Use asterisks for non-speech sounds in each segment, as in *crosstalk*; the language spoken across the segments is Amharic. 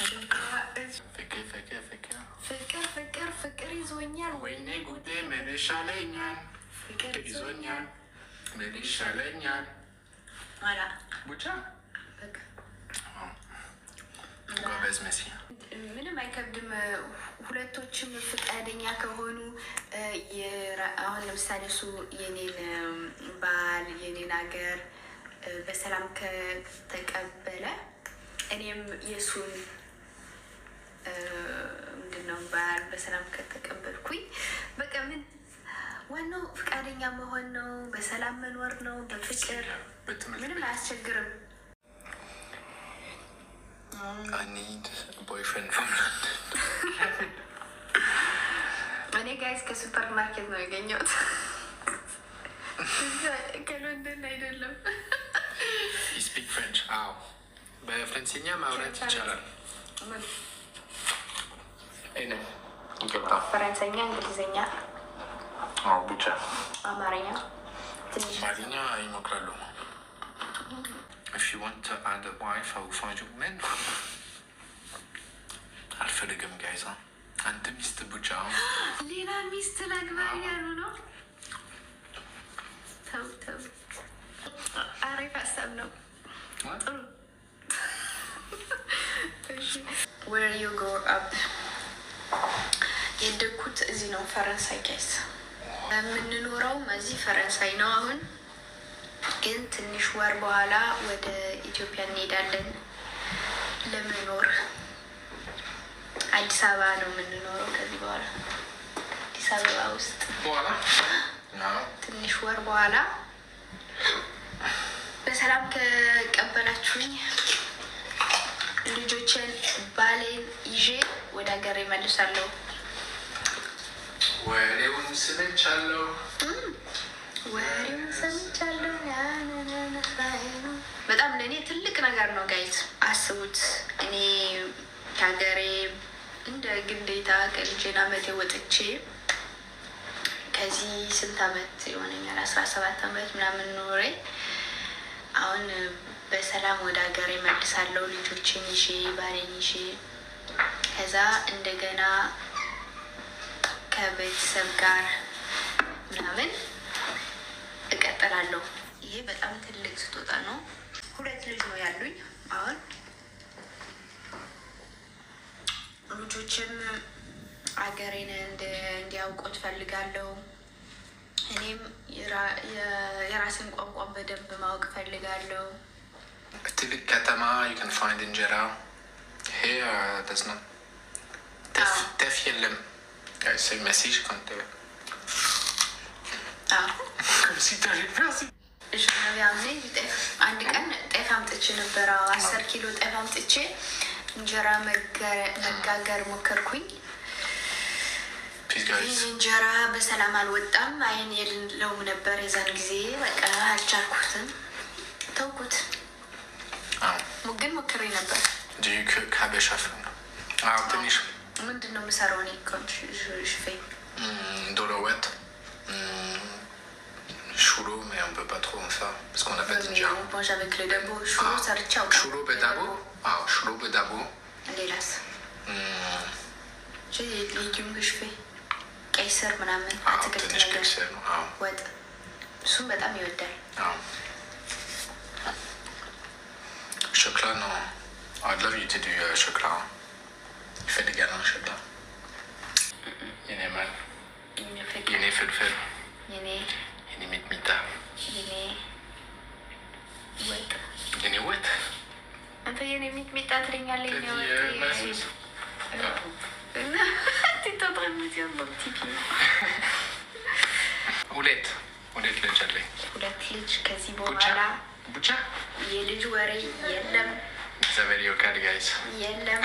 ፍቅር ፍቅር ፍቅር ይዞኛል፣ ወይኔ ጉዴ ምን ይሻለኛል? ፍቅር ይዞኛል፣ ምን ይሻለኛል? ቡቻ ምንም አይከብድም። ሁለቶችም ፍቃደኛ ከሆኑ አሁን ለምሳሌ እሱ የኔን ባህል የኔን ሀገር በሰላም ከተቀበለ እኔም የእሱን ምንድነው በዓል በሰላም ከተቀበልኩኝ በቃ ምን ዋናው ፈቃደኛ መሆን ነው፣ በሰላም መኖር ነው፣ በፍቅር ምንም አያስቸግርም። እኔ ጋይስ ከሱፐር ማርኬት ነው ያገኘሁት፣ ከሎንደን አይደለም። ስፒክ ፍሬንች። በፍረንሲኛ ማውራት ይቻላል። ፈረንሳይኛ፣ እንግሊዝኛ፣ ብቻ አማርኛ አማርኛ ይሞክራሉ። አልፈልግም ጋይዛ አንድ ሚስት ብቻ ሌላ ሚስት ላግባ እያሉ ነው። ተው ተው፣ አሪፍ ሀሳብ ነው። ጥሩ ያደግኩት እዚህ ነው ፈረንሳይ ቄስ የምንኖረውም እዚህ ፈረንሳይ ነው። አሁን ግን ትንሽ ወር በኋላ ወደ ኢትዮጵያ እንሄዳለን ለመኖር። አዲስ አበባ ነው የምንኖረው ከዚህ በኋላ አዲስ አበባ ውስጥ ትንሽ ወር በኋላ በሰላም ከቀበላችሁኝ ልጆችን ባሌን ይዤ ወደ ሀገር ይመልሳለሁ። ወሬውን ስምቻለሁ፣ በጣም ለእኔ ትልቅ ነገር ነው ጋይት አስቡት። እኔ ከሀገሬ እንደ ግዴታ ከልጄን አመቴ ወጥቼ ከዚህ ስንት አመት የሆነኛል አስራ ሰባት አመት ምናምን ኖሬ አሁን በሰላም ወደ ሀገሬ መልሳለሁ ልጆችን ይዤ ባሌን ይዤ ከዛ እንደገና ከቤተሰብ ጋር ምናምን እቀጥላለሁ። ይሄ በጣም ትልቅ ስጦታ ነው። ሁለት ልጅ ነው ያሉኝ አሁን ልጆችም አገሬን እንዲያውቁት ፈልጋለሁ። እኔም የራስን ቋንቋ በደንብ ማወቅ ፈልጋለሁ። ትልቅ ከተማ ዩን ፋይንድ እንጀራ ይሄ ደስ ነው። ጤፍ የለም። T'as ce message quand t'es. Comme si t'avais perdu. ዥምር ያምኔ አንድ ቀን ጤፍ አምጥቼ ነበረ። አስር ኪሎ ጤፍ አምጥቼ እንጀራ መጋገር ሞከርኩኝ። እንጀራ በሰላም አልወጣም። አይን የለውም ነበር የዛን ጊዜ። በቃ አልቻልኩትም፣ ተውኩት። ግን ሞክሬ ነበር። ሀበሻ ትንሽ Comment tu te nommes, Saroni, quand tu fais Dolouette. Choulou, mais on ne peut pas trop en faire. Parce qu'on n'a pas de d'ingénieur. On mange avec le dabo. Choulou, ça veut dire ciao. Choulou, dabo Ah, Choulou, le dabo. Allez, laisse. Tu as des légumes que je fais Kayser, moi-même. Ah, tu as des légumes Kayser, oui. Oui. Je suis très amie de toi. Ah. Chocolat, non Ah, de la vie, tu es du chocolat. ይፈልጋል አሸታ የኔ ማር የኔ ፍልፍል የኔ ሚጥሚጣ የኔ ወጥ አንተ የኔ ሚጥሚጣ ትለኛለህ። ሁለት ልጅ አለኝ። ሁለት ልጅ ከዚህ በኋላ ብቻ የልጅ ወሬ የለም። ዘመድ ጋይስ የለም።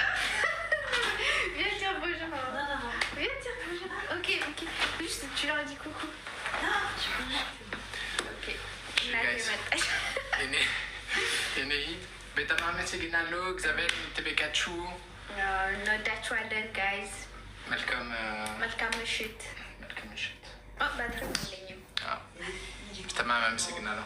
Tu leur as dit coucou. Non, tu peux Ok. Guys. Bet *laughs* Mais am messe ginalo, Xavier Tebekachu. No, Non, that's what les guys. Malcolm euh, Malcolm Meshut. Malcolm Meshut. Oh, bah, très bien. Ah. Bet am am messe ginalo.